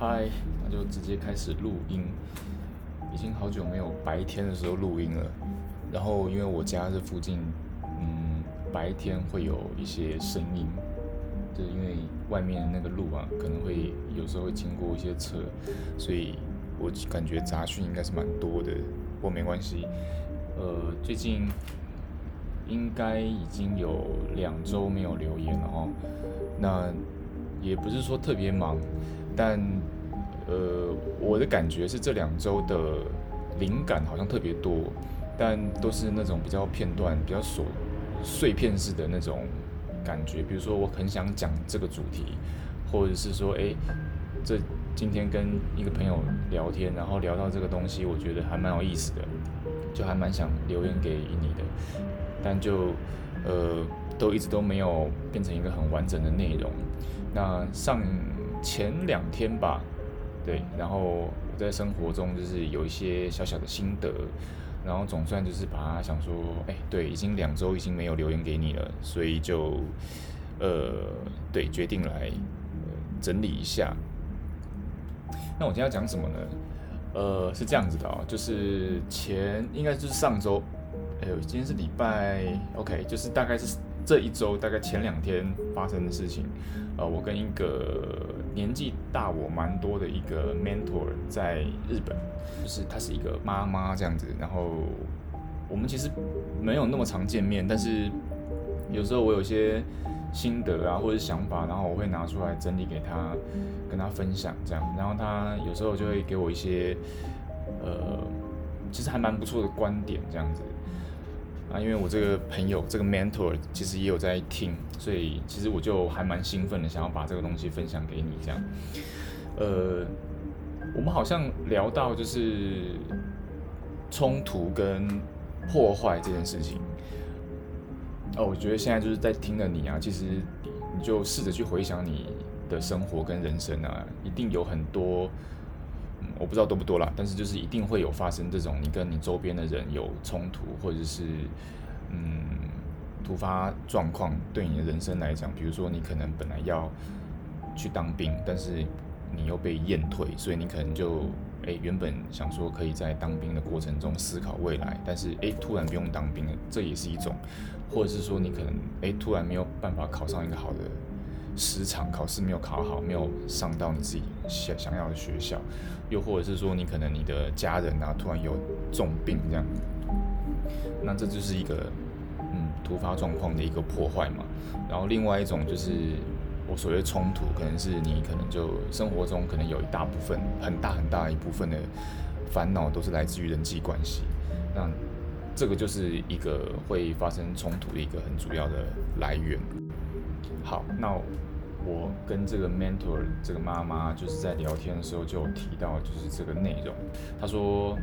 嗨，Hi, 那就直接開始錄音。已經好久沒有白天的時候錄音了。然後，因為我家這附近，嗯，白天會有一些聲音，就是因為外面的那個路啊，可能會有時候會經過一些車，所以我感覺雜訊應該是蠻多的。不過沒關係，呃，最近應該已經有兩周沒有留言了哦。那也不是說特別忙。但，呃，我的感覺是這兩周的靈感好像特別多，但都是那種比較片段、比較瑣、碎片式的那種感覺。比如說，我很想講這個主題，或者是說，哎、欸，這今天跟一個朋友聊天，然後聊到這個東西，我覺得還蠻有意思的，就還蠻想留言給你的，但就呃，都一直都沒有變成一個很完整的內容。那上。前兩天吧，對，然後我在生活中就是有一些小小的心得，然後總算就是把它想說，哎、欸，對，已經兩週已經沒有留言給你了，所以就，呃，對，決定來、呃、整理一下。那我今天要講什麼呢？呃，是這樣子的啊、哦，就是前應該就是上周，哎、欸、呦，今天是禮拜，OK，就是大概是這一周，大概前兩天發生的事情。呃，我跟一個年紀大我蠻多的一個 mentor 在日本，就是她是一個媽媽這樣子，然後我們其實沒有那麼常見面，但是有時候我有些心得啊或者想法，然後我會拿出來整理給她，跟她分享這樣，然後她有時候就會給我一些呃，其實還蠻不錯的觀點這樣子。啊，因為我這個朋友，這個 mentor，其實也有在聽，所以其實我就還蠻興奮的，想要把這個東西分享給你。這樣，呃，我們好像聊到就是衝突跟破壞這件事情。哦、啊，我覺得現在就是在聽了你啊，其實你就試着去回想你的生活跟人生啊，一定有很多。我不知道多不多啦，但是就是一定會有發生這種你跟你周邊的人有衝突，或者是嗯，突發狀況對你的人生來講，比如說你可能本來要去當兵，但是你又被驗退，所以你可能就哎、欸、原本想說可以在當兵的過程中思考未來，但是哎、欸、突然不用當兵了，這也是一種，或者是說你可能哎、欸、突然沒有辦法考上一個好的。時場考試沒有考好，沒有上到你自己想想要的學校，又或者是說你可能你的家人啊突然有重病這樣，那這就是一個嗯突發狀況的一個破壞嘛。然後另外一種就是我所謂衝突，可能是你可能就生活中可能有一大部分很大很大一部分的煩惱都是來自於人際關係，那這個就是一個會發生衝突的一個很主要的來源。好，那，我跟這個 mentor 這個媽媽就是在聊天的時候就有提到，就是這個內容。她說：“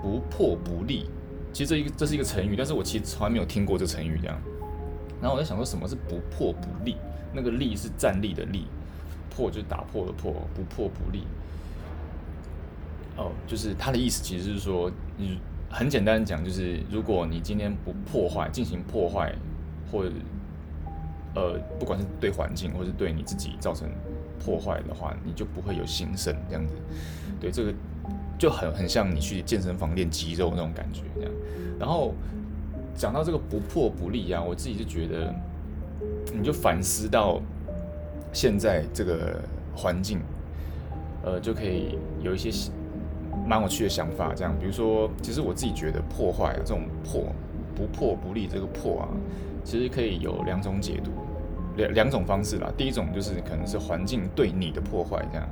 不破不立。”其實這一個這是一個成語，但是我其實從來沒有聽過這成語。這樣，然後我在想說，什麼是不破不立？那個“立”是站立的“立”，“破”就打破的“破”。不破不立。哦，就是他的意思，其實是說，很簡單講，就是如果你今天不破壞，進行破壞，或呃，不管是對環境，或是對你自己造成破壞的話，你就不會有新生這樣子。對，這個就很很像你去健身房練肌肉那種感覺，這樣。然後講到這個“不破不立”啊，我自己就覺得，你就反思到現在這個環境，呃，就可以有一些蠻有趣的想法，這樣。比如說，其實我自己覺得破壞這種破，不破不立這個破啊，其實可以有兩種解讀。兩兩種方式啦，第一種就是可能是環境對你的破壞，這樣，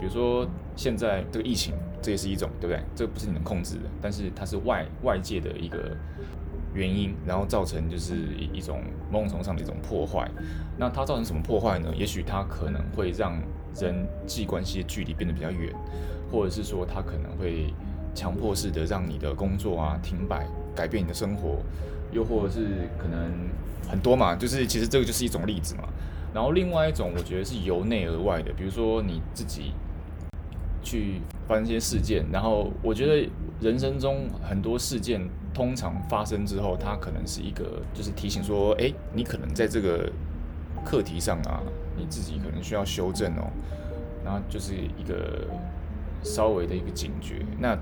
比如說現在這個疫情，這也是一種，對不對？這個不是你能控制的，但是它是外外界的一個原因，然後造成就是一種某種程度上的一種破壞。那它造成什麼破壞呢？也許它可能會讓人際關係的距離變得比較遠，或者是說它可能會強迫式的讓你的工作啊停擺，改變你的生活。又或者是可能很多嘛，就是其實這個就是一種例子嘛。然後另外一種，我覺得是由內而外的，比如說你自己去發生一些事件。然後我覺得人生中很多事件通常發生之後，它可能是一個就是提醒說，誒，你可能在這個課題上啊，你自己可能需要修正哦，然後就是一個稍微的一個警覺。那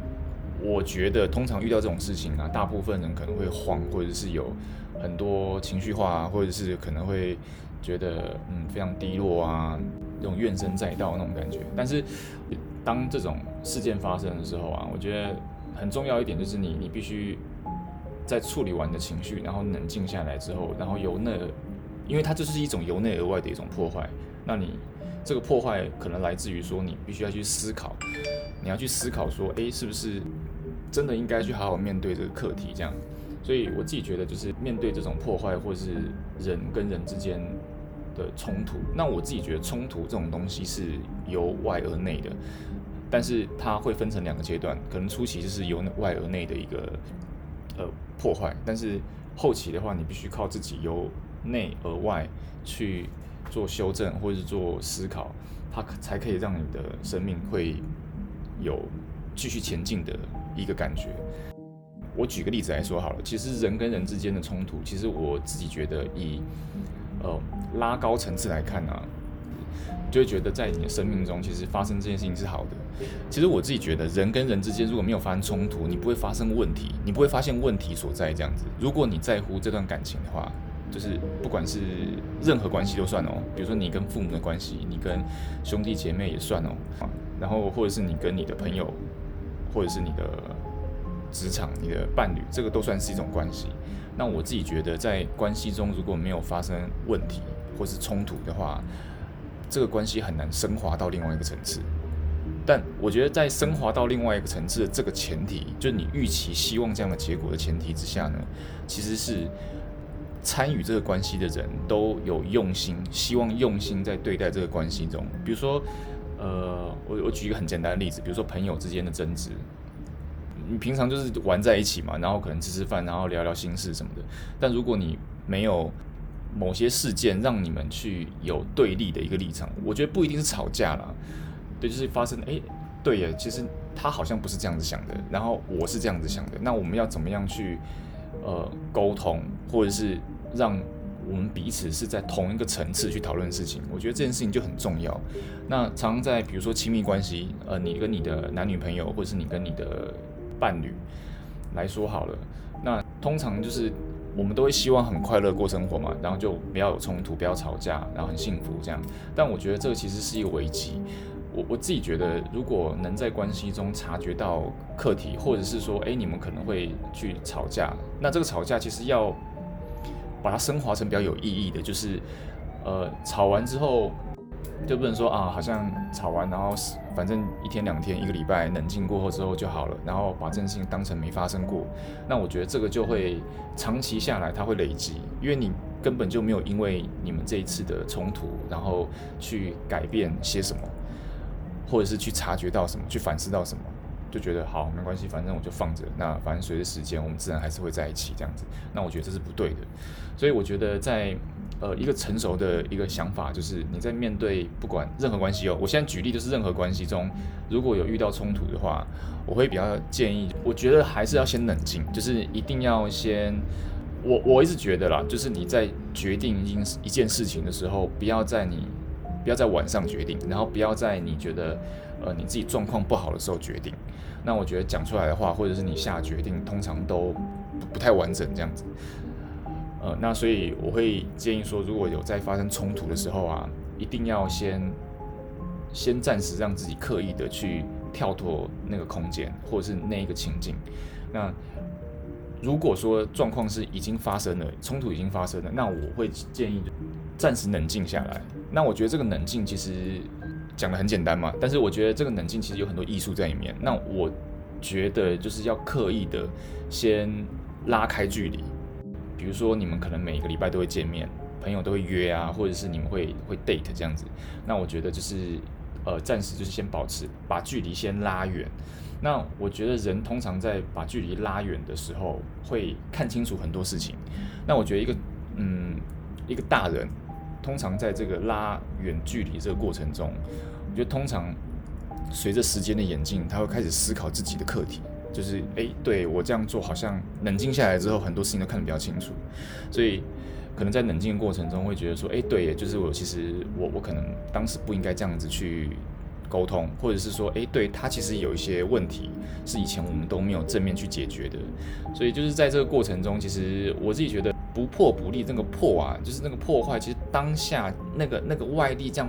我覺得通常遇到這種事情啊，大部分人可能會慌，或者是有很多情緒化，或者是可能會覺得嗯非常低落啊，那種怨聲載道那種感覺。但是當這種事件發生的時候啊，我覺得很重要一點就是你你必須在處理完的情緒，然後冷靜下來之後，然後由內，因為它就是一種由內而外的一種破壞。那你這個破壞可能來自於說你必須要去思考，你要去思考說，欸，是不是？真的應該去好好面對這個課題，這樣。所以我自己覺得，就是面對這種破壞或是人跟人之間的衝突，那我自己覺得衝突這種東西是由外而內的，但是它會分成兩個階段，可能初期就是由外而內的一個呃破壞，但是後期的話，你必須靠自己由內而外去做修正或是做思考，它才可以讓你的生命會有。繼續前進的一個感覺。我舉個例子來說好了。其實人跟人之間的衝突，其實我自己覺得，以呃拉高層次來看呢、啊，就會覺得在你的生命中，其實發生這件事情是好的。其實我自己覺得，人跟人之間如果沒有發生衝突，你不會發生問題，你不會發現問題所在。這樣子，如果你在乎這段感情的話，就是不管是任何關係都算哦。比如說你跟父母的關係，你跟兄弟姐妹也算哦。然後或者是你跟你的朋友。或者是你的職場、你的伴侶，這個都算是一種關係。那我自己覺得，在關係中如果沒有發生問題或是衝突的話，這個關係很難升華到另外一個層次。但我覺得，在升華到另外一個層次的這個前提，就是你預期希望這樣的結果的前提之下呢，其實是參與這個關係的人都有用心，希望用心在對待這個關係中。比如說。呃，我我舉一個很簡單的例子，比如說朋友之間的爭執，你平常就是玩在一起嘛，然後可能吃吃飯，然後聊聊心事什麼的。但如果你沒有某些事件讓你們去有對立的一個立場，我覺得不一定是吵架啦，對，就是發生哎，對呀，其實他好像不是這樣子想的，然後我是這樣子想的，那我們要怎麼樣去呃溝通，或者是讓。我們彼此是在同一個層次去討論事情，我覺得這件事情就很重要。那常在比如說親密關係，呃，你跟你的男女朋友，或者是你跟你的伴侶來說好了，那通常就是我們都會希望很快樂過生活嘛，然後就不要有衝突，不要吵架，然後很幸福這樣。但我覺得這個其實是一個危機。我我自己覺得，如果能在關係中察覺到課題，或者是說，欸，你們可能會去吵架，那這個吵架其實要。把它昇華成比較有意義的，就是，呃，吵完之後就不能說啊，好像吵完，然後是反正一天兩天、一個禮拜冷靜過後之後就好了，然後把這件事情當成沒發生過。那我覺得這個就會長期下來，它會累積，因為你根本就沒有因為你們這一次的衝突，然後去改變些什麼，或者是去察覺到什麼，去反思到什麼。就覺得好，沒關係，反正我就放着。那反正隨着時間，我們自然還是會在一起這樣子。那我覺得這是不對的。所以我覺得在呃一個成熟的一個想法，就是你在面對不管任何關係哦，我現在舉例就是任何關係中，如果有遇到衝突的話，我會比較建議，我覺得還是要先冷靜，就是一定要先我我一直覺得啦，就是你在決定一一件事情的時候，不要在你。不要在晚上決定，然後不要在你覺得，呃，你自己狀況不好的時候決定。那我覺得講出來的話，或者是你下決定，通常都不，不太完整這樣子。呃，那所以我會建議說，如果有在發生衝突的時候啊，一定要先先暫時讓自己刻意的去跳脫那個空間，或者是那一個情境。那如果說狀況是已經發生了，衝突已經發生了，那我會建議暫時冷靜下來。那我覺得這個冷靜其實講得很簡單嘛，但是我覺得這個冷靜其實有很多藝術在裡面。那我覺得就是要刻意的先拉開距離，比如說你們可能每個禮拜都會見面，朋友都會約啊，或者是你們會會 date 這樣子。那我覺得就是呃，暫時就是先保持把距離先拉遠。那我覺得人通常在把距離拉遠的時候，會看清楚很多事情。那我覺得一個嗯，一個大人。通常在這個拉遠距離這個過程中，我覺得通常隨着時間的演進，他會開始思考自己的課題，就是哎、欸，對，我這樣做好像冷靜下來之後，很多事情都看得比較清楚，所以可能在冷靜的過程中，會覺得說，哎、欸，對，就是我其實我我可能當時不應該這樣子去溝通，或者是說，哎、欸，對，他其實有一些問題是以前我們都沒有正面去解決的，所以就是在這個過程中，其實我自己覺得。不破不立，那個破啊，就是那個破壞。其實當下那個那個外力這樣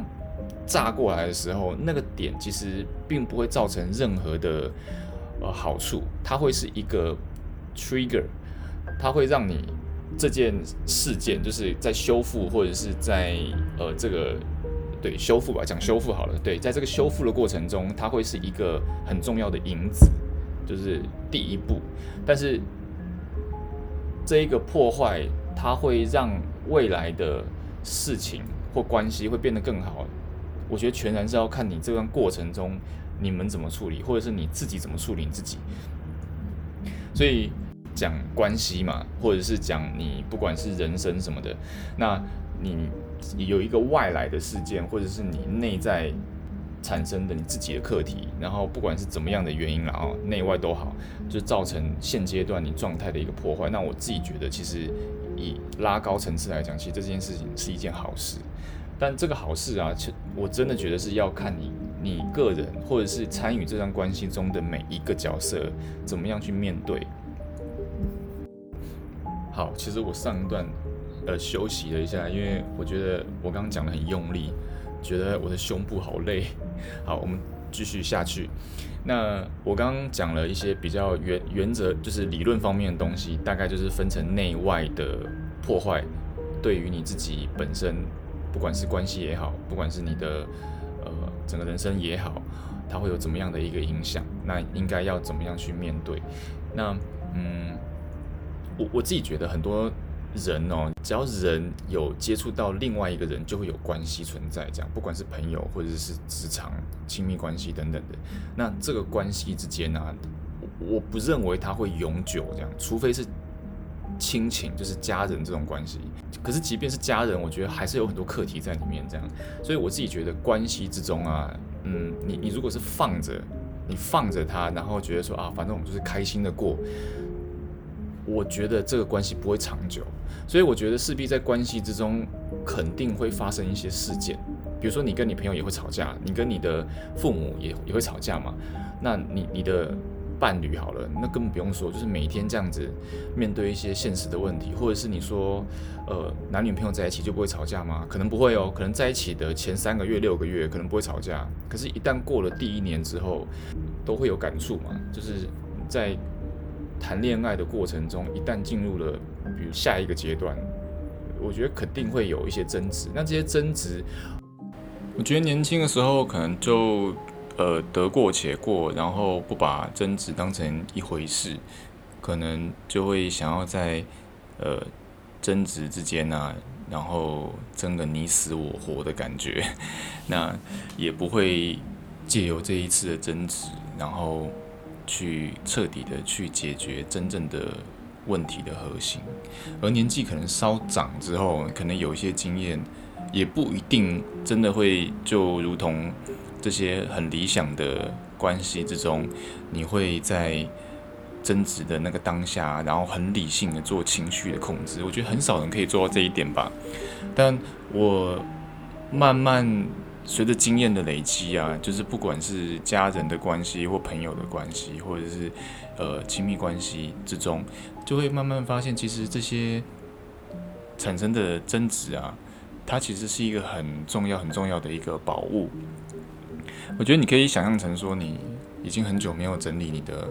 炸過來的時候，那個點其實並不會造成任何的呃好處，它會是一個 trigger，它會讓你這件事件就是在修復或者是在呃這個對修復吧，講修復好了。對，在這個修復的過程中，它會是一個很重要的因子，就是第一步。但是。這一個破壞，它會讓未來的事情或關係會變得更好。我覺得全然是要看你這段過程中，你們怎麼處理，或者是你自己怎麼處理你自己。所以講關係嘛，或者是講你不管是人生什麼的，那你有一個外來的事件，或者是你內在。產生的你自己的課題，然後不管是怎麼樣的原因，啦，啊內外都好，就造成現階段你狀態的一個破壞。那我自己覺得，其實以拉高層次來講，其實這件事情是一件好事。但這個好事啊，其實我真的覺得是要看你你個人，或者是參與這段關係中的每一個角色，怎麼樣去面對。好，其實我上一段呃休息了一下，因為我覺得我剛剛講的很用力，覺得我的胸部好累。好，我們繼續下去。那我剛剛講了一些比較原原則，就是理論方面的東西，大概就是分成內外的破壞，對於你自己本身，不管是關係也好，不管是你的呃整個人生也好，它會有怎麼樣的一個影響？那應該要怎麼樣去面對？那嗯，我我自己覺得很多。人哦，只要人有接觸到另外一個人，就會有關係存在。這樣，不管是朋友或者是職場親密關係等等的，那這個關係之間呢，啊，我我不認為它會永久這樣，除非是親情，就是家人這種關係。可是即便是家人，我覺得還是有很多課題在裡面這樣。所以我自己覺得關係之中啊，嗯，你你如果是放着，你放着他，然後覺得說啊，反正我們就是開心的過。我覺得這個關係不會長久，所以我覺得勢必在關係之中肯定會發生一些事件，比如說你跟你朋友也會吵架，你跟你的父母也也會吵架嘛。那你你的伴侶好了，那根本不用說，就是每天這樣子面對一些現實的問題，或者是你說，呃，男女朋友在一起就不會吵架嗎？可能不會哦，可能在一起的前三個月、六個月可能不會吵架，可是，一旦過了第一年之後，都會有感觸嘛，就是在。談戀愛的過程中，一旦進入了比如下一個階段，我覺得肯定會有一些爭執。那這些爭執，我覺得年輕的時候可能就呃得過且過，然後不把爭執當成一回事，可能就會想要在呃爭執之間呢、啊，然後爭個你死我活的感覺。那也不會借由這一次的爭執，然後。去徹底的去解決真正的問題的核心，而年紀可能稍長之後，可能有一些經驗，也不一定真的會就如同這些很理想的關係之中，你會在爭執的那個當下，然後很理性的做情緒的控制。我覺得很少人可以做到這一點吧。但我慢慢。隨着經驗的累積啊，就是不管是家人的關係或朋友的關係，或者是呃親密關係之中，就會慢慢發現，其實這些產生的爭執啊，它其實是一個很重要、很重要的一個寶物。我覺得你可以想象成說，你已經很久沒有整理你的。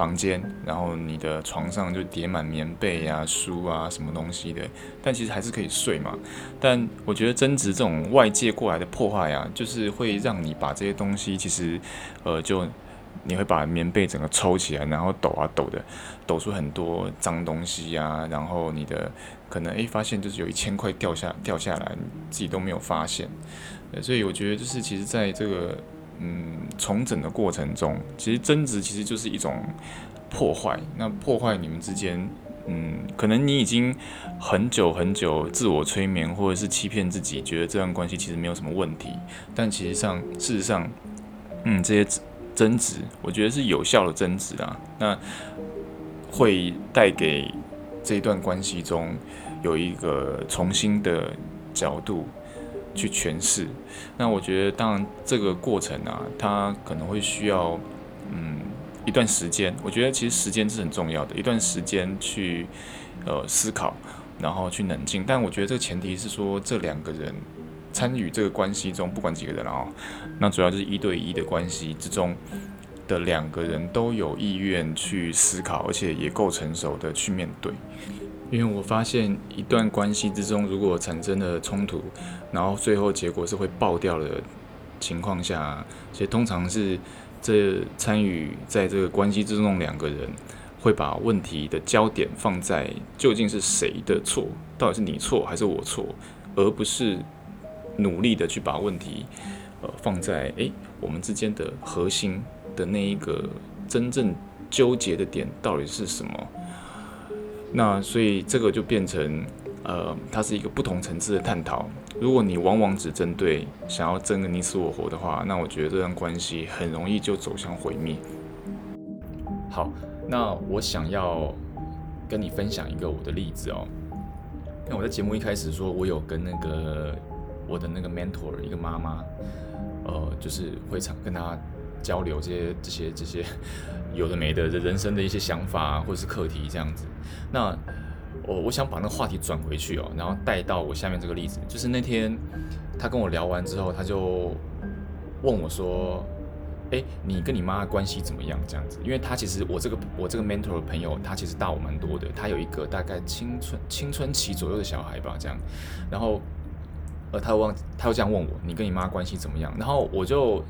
房間，然後你的床上就疊滿棉被呀、啊、書啊、什麼東西的，但其實還是可以睡嘛。但我覺得增值這種外界過來的破壞啊，就是會讓你把這些東西，其實，呃，就你會把棉被整個抽起來，然後抖啊抖的，抖出很多髒東西啊。然後你的可能誒、欸，發現就是有一千塊掉下掉下來，你自己都沒有發現。所以我覺得就是其實在這個。嗯，重整的過程中，其實爭執其實就是一種破壞。那破壞你們之間，嗯，可能你已經很久很久自我催眠，或者是欺騙自己，覺得這段關係其實沒有什麼問題。但其實上，事實上，嗯，這些爭執，我覺得是有效的爭執啦。那會帶給這段關係中有一個重新的角度去詮釋，那我覺得當然這個過程啊，它可能會需要嗯一段時間。我覺得其實時間是很重要的，一段時間去呃思考，然後去冷靜。但我覺得這個前提是說，這兩個人參與這個關係中，不管幾個人啊、哦，那主要就是一對一的關係之中的兩個人都有意願去思考，而且也夠成熟的去面對。因為我發現，一段關係之中如果產生了衝突，然後最後結果是會爆掉的情況下，其實通常是這參與在這個關係之中的兩個人，會把問題的焦點放在究竟是誰的錯，到底是你錯還是我錯，而不是努力的去把問題呃放在哎我們之間的核心的那一個真正糾結的點到底是什麼。那所以這個就變成，呃，它是一個不同層次的探討。如果你往往只針對想要爭個你死我活的話，那我覺得這段關係很容易就走向毀滅。好，那我想要跟你分享一個我的例子哦。那我在節目一開始說，我有跟那個我的那個 mentor 一個媽媽，呃，就是會常跟她。交流這些這些這些有的沒的人生的一些想法、啊、或者是課題這樣子，那我、哦、我想把那個話題轉回去哦，然後帶到我下面這個例子，就是那天他跟我聊完之後，他就問我說：“誒，你跟你媽的關係怎麼樣？”這樣子，因為他其實我這個我這個 mentor 的朋友，他其實大我蠻多的，他有一個大概青春青春期左右的小孩吧，這樣，然後呃，他又忘他又這樣問我：“你跟你媽關係怎麼樣？”然後我就。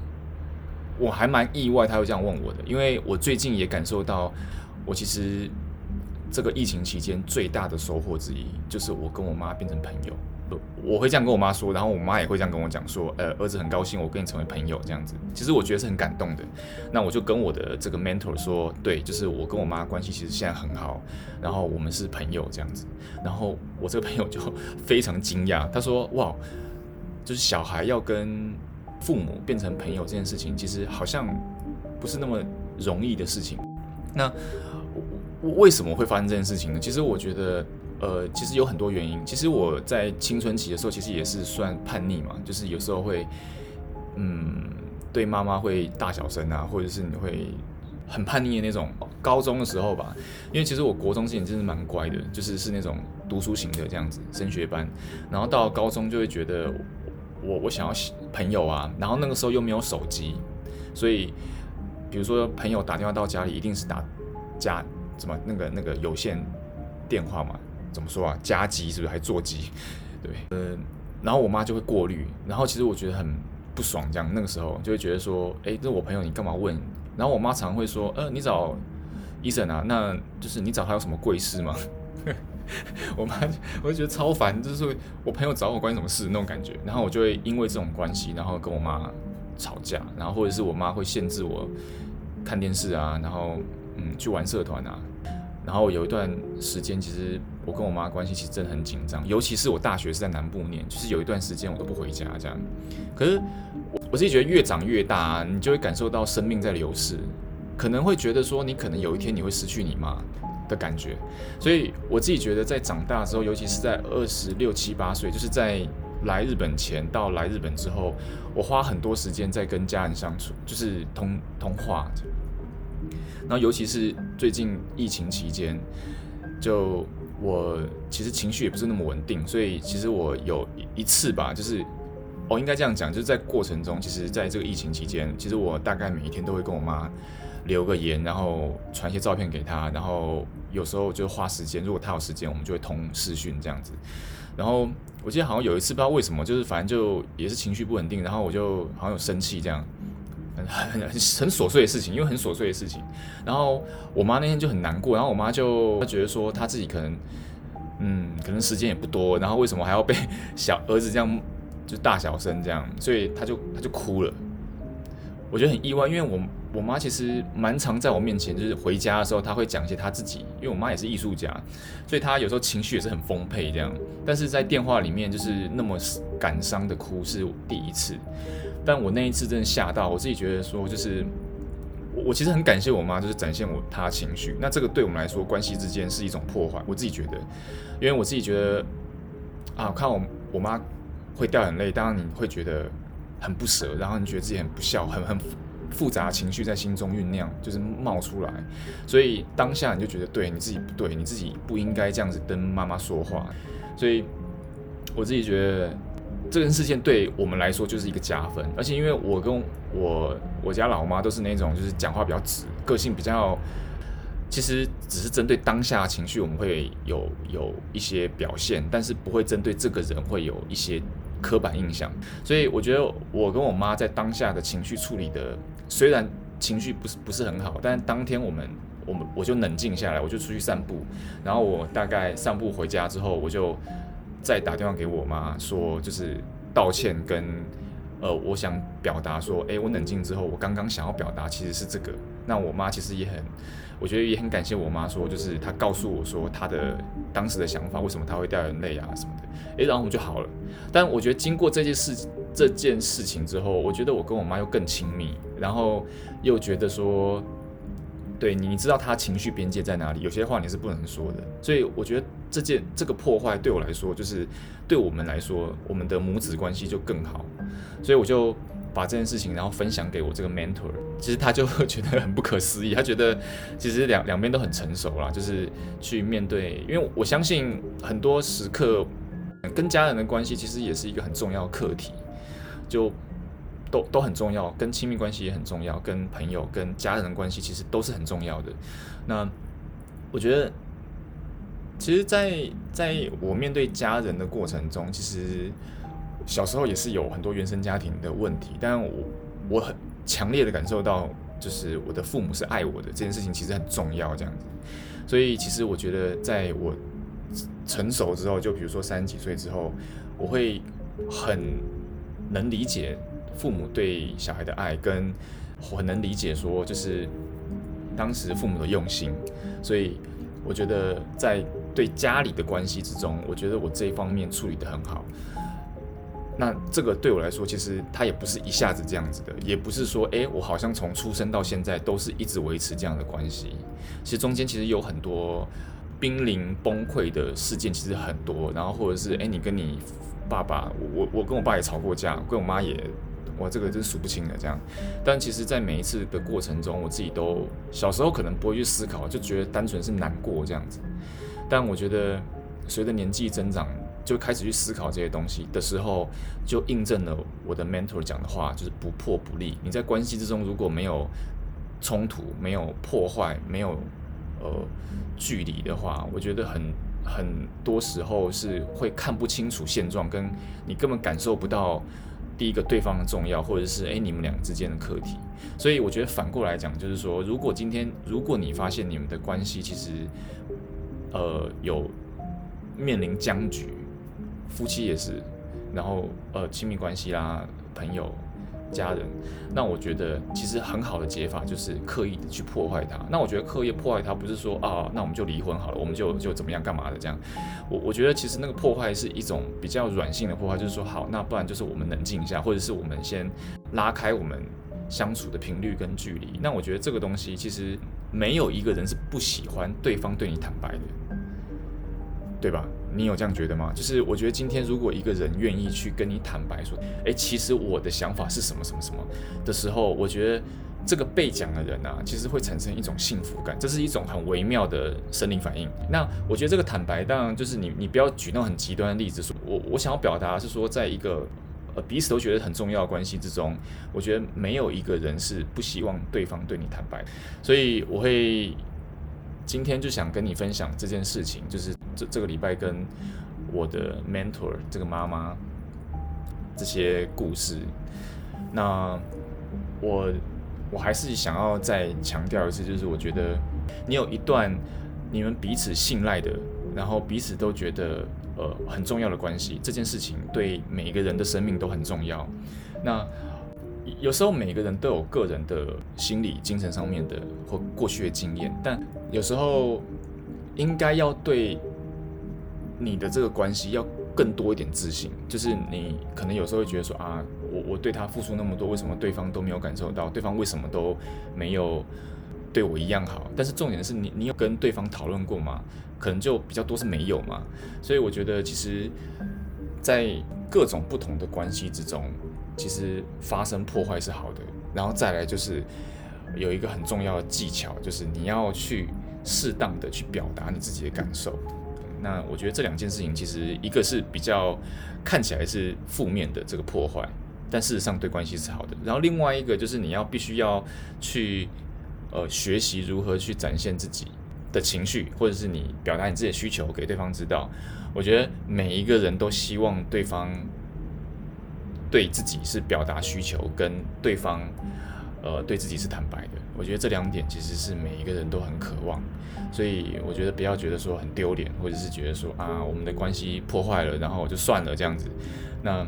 我還蠻意外他會這樣問我的，因為我最近也感受到，我其實這個疫情期間最大的收穫之一，就是我跟我媽變成朋友。我會這樣跟我媽說，然後我媽也會這樣跟我講說，呃，兒子很高興我跟你成為朋友這樣子。其實我覺得是很感動的。那我就跟我的這個 mentor 說，對，就是我跟我媽關係其實現在很好，然後我們是朋友這樣子。然後我這個朋友就非常驚訝，他說，哇，就是小孩要跟。父母變成朋友這件事情，其實好像不是那麼容易的事情。那我我為什麼會發生這件事情呢？其實我覺得，呃，其實有很多原因。其實我在青春期的時候，其實也是算叛逆嘛，就是有時候會，嗯，對媽媽會大小聲啊，或者是你會很叛逆的那種。高中的時候吧，因為其實我國中其實真的蠻乖的，就是是那種讀書型的這樣子升學班，然後到高中就會覺得。我我想要朋友啊，然後那個時候又沒有手機，所以比如說朋友打電話到家裡，一定是打家什麼那個那個有線電話嘛？怎麼說啊？家機是不是還座機？對、呃，然後我媽就會過濾，然後其實我覺得很不爽這樣，那個時候就會覺得說，哎，這我朋友你幹嘛問？然後我媽常會說，呃，你找伊森啊，那就是你找他有什麼貴事嗎？我媽，我就覺得超煩，就是我朋友找我關什麼事，那種感覺，然後我就會因為這種關係，然後跟我媽吵架，然後或者是我媽會限制我看電視啊，然後嗯去玩社團啊，然後有一段時間，其實我跟我媽關係其實真的很緊張，尤其是我大學是在南部念，就是有一段時間我都不回家這樣，可是我，我自己覺得越長越大啊，你就會感受到生命在流逝。可能會覺得說，你可能有一天你會失去你媽的感覺，所以我自己覺得在長大之後，尤其是在二十六七八歲，就是在來日本前到來日本之後，我花很多時間在跟家人相處，就是通通話。然後尤其是最近疫情期間，就我其實情緒也不是那麼穩定，所以其實我有一次吧，就是哦應該這樣講，就是在過程中，其實在這個疫情期間，其實我大概每一天都會跟我媽。留個言，然後傳些照片給他，然後有時候就花時間。如果他有時間，我們就會通視訊這樣子。然後我記得好像有一次，不知道為什麼，就是反正就也是情緒不穩定，然後我就好像有生氣這樣，很很很瑣碎的事情，因為很瑣碎的事情。然後我媽那天就很難過，然後我媽就她覺得說她自己可能，嗯，可能時間也不多，然後為什麼還要被小兒子這樣就大小聲這樣，所以她就她就哭了。我覺得很意外，因為我我媽其實蠻常在我面前，就是回家的時候，她會講一些她自己。因為我媽也是藝術家，所以她有時候情緒也是很豐沛這樣。但是在電話裡面就是那麼感傷的哭是我第一次，但我那一次真的嚇到我自己，覺得說就是我我其實很感謝我媽，就是展現我她情緒。那這個對我們來說，關係之間是一種破壞。我自己覺得，因為我自己覺得啊，我看我我媽會掉眼淚，當然你會覺得。很不舍，然後你覺得自己很不孝，很很複雜的情緒在心中醞釀，就是冒出來，所以當下你就覺得對你自己不對，你自己不應該這樣子跟媽媽說話，所以我自己覺得這件事情對我們來說就是一個加分，而且因為我跟我我，我家老媽都是那種就是講話比較直，個性比較，其實只是針對當下的情緒我們會有有一些表現，但是不會針對這個人會有一些。刻板印象，所以我覺得我跟我媽在當下的情緒處理的雖然情緒不是不是很好，但當天我們我們我就冷靜下來，我就出去散步，然後我大概散步回家之後，我就再打電話給我媽說，就是道歉跟呃，我想表達說，誒，我冷靜之後，我剛剛想要表達其實是這個，那我媽其實也很。我覺得也很感謝我媽，說就是她告訴我說她的當時的想法，為什麼她會掉眼淚啊什麼的，誒、欸，然後我就好了。但我覺得經過這件事這件事情之後，我覺得我跟我媽又更親密，然後又覺得說，對，你知道她情緒邊界在哪裡，有些話你是不能說的。所以我覺得這件這個破壞對我來說，就是對我們來說，我們的母子關係就更好。所以我就。把這件事情，然後分享給我這個 mentor，其實他就覺得很不可思議。他覺得其實兩兩邊都很成熟啦，就是去面對。因為我相信很多時刻，跟家人的關係其實也是一個很重要的課題，就都都很重要，跟親密關係也很重要，跟朋友、跟家人的關係其實都是很重要的。那我覺得，其實在，在在我面對家人的過程中，其實。小時候也是有很多原生家庭的問題，但我我很強烈的感受到，就是我的父母是愛我的這件事情其實很重要，這樣子。所以其實我覺得在我成熟之後，就比如說三十幾歲之後，我會很能理解父母對小孩的愛，跟我很能理解說就是當時父母的用心。所以我覺得在對家裡的關係之中，我覺得我這一方面處理得很好。那這個對我來說，其實它也不是一下子這樣子的，也不是說，哎、欸，我好像從出生到現在都是一直維持這樣的關係。其實中間其實有很多瀕臨崩潰的事件，其實很多。然後或者是，哎、欸，你跟你爸爸，我我我跟我爸也吵過架，我跟我媽也，我這個真數不清了這樣。但其實，在每一次的過程中，我自己都小時候可能不會去思考，就覺得單純是難過這樣子。但我覺得，隨着年紀增長，就開始去思考這些東西的時候，就印證了我的 mentor 講的話，就是不破不立。你在關係之中如果沒有衝突、沒有破壞、沒有呃距離的話，我覺得很很多時候是會看不清楚現狀，跟你根本感受不到第一個對方的重要，或者是哎、欸、你們倆之間的課題。所以我覺得反過來講，就是說，如果今天如果你發現你們的關係其實呃有面臨僵局，夫妻也是，然後呃，親密關係啦，朋友、家人，那我覺得其實很好的解法就是刻意的去破壞它。那我覺得刻意破壞它不是說啊，那我們就離婚好了，我們就就怎麼樣幹嘛的這樣。我我覺得其實那個破壞是一種比較軟性的破壞，就是說好，那不然就是我們冷靜一下，或者是我們先拉開我們相處的頻率跟距離。那我覺得這個東西其實沒有一個人是不喜歡對方對你坦白的，對吧？你有這樣覺得嗎？就是我覺得今天如果一個人願意去跟你坦白說，誒，其實我的想法是什麼什麼什麼的時候，我覺得這個被講的人吶、啊，其實會產生一種幸福感，這是一種很微妙的生理反應。那我覺得這個坦白，當然就是你你不要舉那種很極端的例子，說我我想要表達是說，在一個呃彼此都覺得很重要的關係之中，我覺得沒有一個人是不希望對方對你坦白，所以我會。今天就想跟你分享這件事情，就是這這個禮拜跟我的 mentor 這個媽媽這些故事。那我我還是想要再強調一次，就是我覺得你有一段你們彼此信賴的，然後彼此都覺得呃很重要的關係，這件事情對每一個人的生命都很重要。那有時候每個人都有個人的心理、精神上面的或過去的經驗，但有時候應該要對你的這個關係要更多一點自信。就是你可能有時候會覺得說啊，我我對他付出那麼多，為什麼對方都沒有感受到？對方為什麼都沒有對我一樣好？但是重點是你，你有跟對方討論過嗎？可能就比較多是沒有嘛。所以我覺得其實在各種不同的關係之中。其實發生破壞是好的，然後再來就是有一個很重要的技巧，就是你要去適當的去表達你自己的感受。那我覺得這兩件事情其實一個是比較看起來是負面的這個破壞，但事實上對關係是好的。然後另外一個就是你要必須要去呃學習如何去展現自己的情緒，或者是你表達你自己的需求給對方知道。我覺得每一個人都希望對方，對自己是表達需求，跟對方，呃，對自己是坦白的。我覺得這兩點其實是每一個人都很渴望，所以我覺得不要覺得說很丟臉，或者是覺得說啊，我們的關係破壞了，然後就算了這樣子。那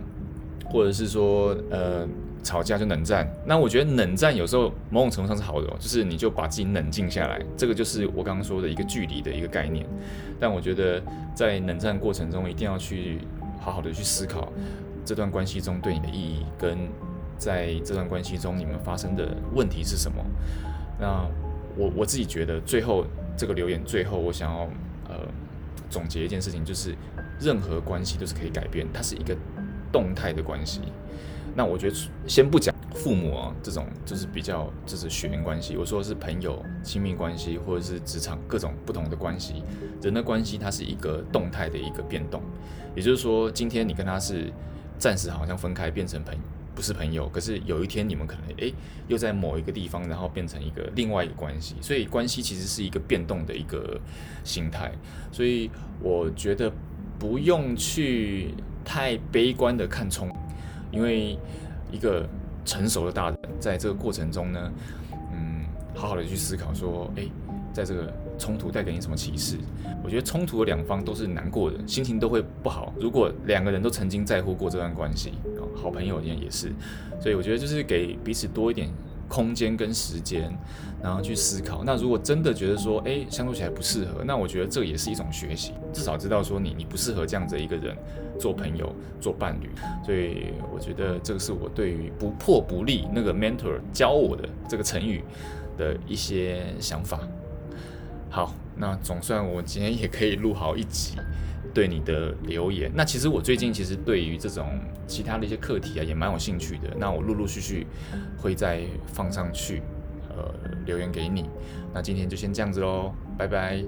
或者是說，呃，吵架就冷戰。那我覺得冷戰有時候某種程度上是好的，就是你就把自己冷靜下來。這個就是我剛剛說的一個距離的一個概念。但我覺得在冷戰過程中，一定要去好好的去思考。這段關係中對你的意義，跟在這段關係中你們發生的問題是什麼？那我我自己覺得，最後這個留言，最後我想要呃總結一件事情，就是任何關係都是可以改變，它是一個動態的關係。那我覺得先不講父母啊這種，就是比較就是血緣關係，我說的是朋友、親密關係，或者是職場各種不同的關係，人的關係它是一個動態的一個變動。也就是說，今天你跟他是。暫時好像分開變成朋，不是朋友。可是有一天你們可能誒、欸、又在某一個地方，然後變成一個另外一個關係。所以關係其實是一個變動的一個形態。所以我覺得不用去太悲觀的看衝，因為一個成熟的大人在這個過程中呢，嗯，好好的去思考說，哎、欸，在這個。衝突帶給你什麼啟示？我覺得衝突的兩方都是難過的，心情都會不好。如果兩個人都曾經在乎過這段關係，好朋友也也是，所以我覺得就是給彼此多一點空間跟時間，然後去思考。那如果真的覺得說，欸，誒相處起來不適合，那我覺得這也是一種學習，至少知道說你你不適合這樣子一個人做朋友，做伴侶。所以我覺得這個是我對於“不破不立”那個 mentor 教我的這個成語的一些想法。好，那總算我今天也可以錄好一集對你的留言。那其實我最近其實對於這種其他的一些課題啊，也蠻有興趣的。那我陸陸續續會再放上去，呃，留言給你。那今天就先這樣子嘍，拜拜。